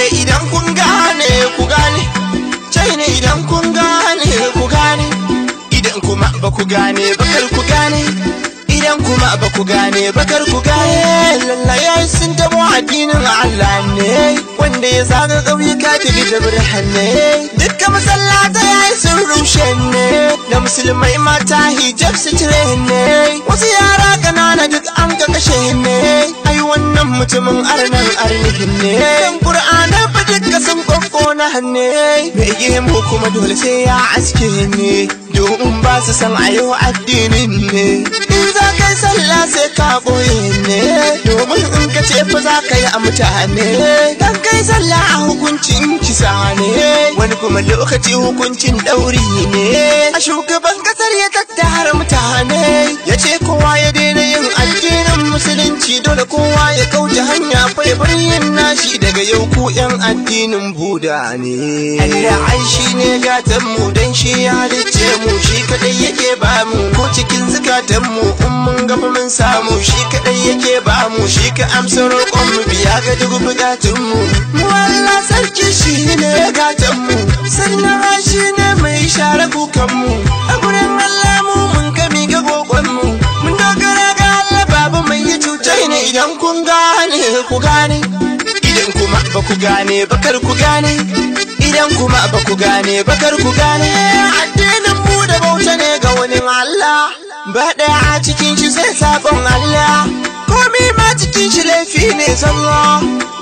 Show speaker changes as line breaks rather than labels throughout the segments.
ne idan kun gane ku gane cai ne idan kun gane ku gane idan kuma ba ku gane bakar ku gane idan kuma ba ku gane bakar ku gane lallaye sun tabo addinin Allah ne wanda ya zaga ƙauyuka ta bi da ne. Dukka masallata ya yi sun rushe ne na musulmai mata hijab su ne wasu yara ƙanana duk an ka kashe ne wannan mutumin arnan arnihin ne kan qur'ana fa dukka sun na hanne mai gemu kuma dole sai ya aske ne don ba su san ayo addinin ne in za ka yi sallah sai ka boye ne domin in ka ce fa za ka yi a mutane kan kai sallah a hukuncin kisa ne wani kuma lokaci hukuncin ɗauri ne a shugaban kasar ya tattara mutane ya ce kowa ya daina yin addinin shi dole kowa ya kauce hanya faibar yin nashi daga yau ku yan addinin buda ne Allah ai shi ne gatan mu dan shi ya halicce mu shi kadai yake ba mu ko cikin zukatan mu in mun gaba mun samu shi kadai yake ba mu shi ka amsa roƙon mu biya ga duk bukatun mu mu Allah sarki shi ne gatan mu sannan shi ne mai share kukan mu idan kun gane ku gane idan kuma ba ku gane bakar ku gane idan kuma ba ku gane bakar ku gane addinin mu da bauta ne ga wani Allah ba daya a cikin shi zai sabon Allah komai ma cikin shi laifi ne zalla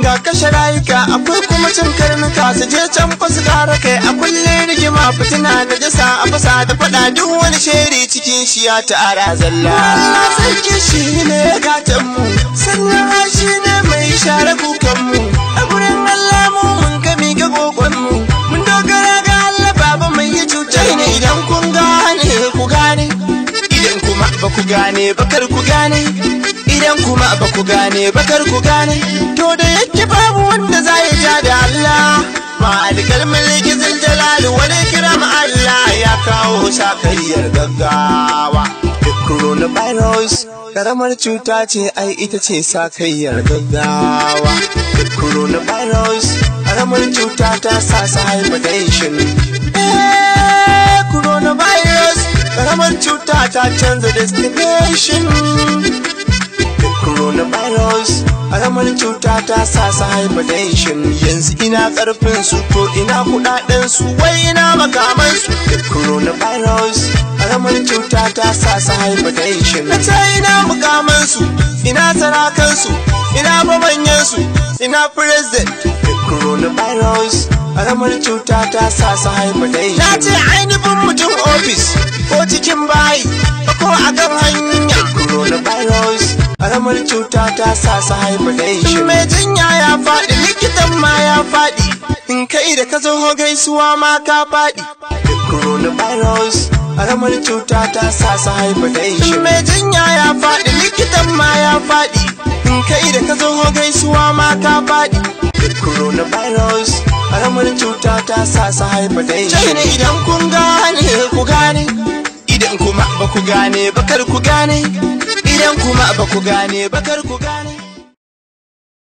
ga kashe rayuka akwai mutum karnuka su je can fa su kara kai a kulle rigima fitina da jasa a fasa da fada duk wani shiri cikin shi ya ta'ara zalla Allah sarki shi ne gatan mu sannan shi ne mai share kukan mu a gurin Allah mu mun gami ga kokon mu mun dogara ga Allah baba mai yi cuta ne idan kun gane ku gane idan kuma ba ku gane ba ku gane idan kuma ba ku gane bakar ku gane to da yake babu wanda za ya ja da Allah alkalmin mulki zuljalal wani kiram Allah ya kawo sakayyar gaggawa coronavirus karamar cuta ce ai ita ce sakayyar gaggawa coronavirus karamar cuta ta sa su hypertension eh, coronavirus karamar cuta ta canza destination zaman cuta ta sa su yanzu ina ƙarfin su to ina kuɗaɗen su wai ina makaman su coronavirus zaman cuta ta sa su na ce ina makaman su ina sarakan su ina mamanyan su ina president coronavirus zaman cuta ta sa su na ce ainihin mutum ofis ko cikin bayi ko a kan hanya Alamar cuta ta sa su haifu da mai jinya ya faɗi likitan ma ya faɗi in kai da ka zo gaisuwa ma ka faɗi coronavirus Alamar cuta ta sa su haifu da mai jinya ya faɗi likitan ma ya faɗi in kai da ka zo gaisuwa ma ka faɗi coronavirus Alamar cuta ta sa su haifu da shi. idan kun gane ku gane idan kuma ba ku gane bakar ku gane gidan kuma ba ku gane bakar ku gane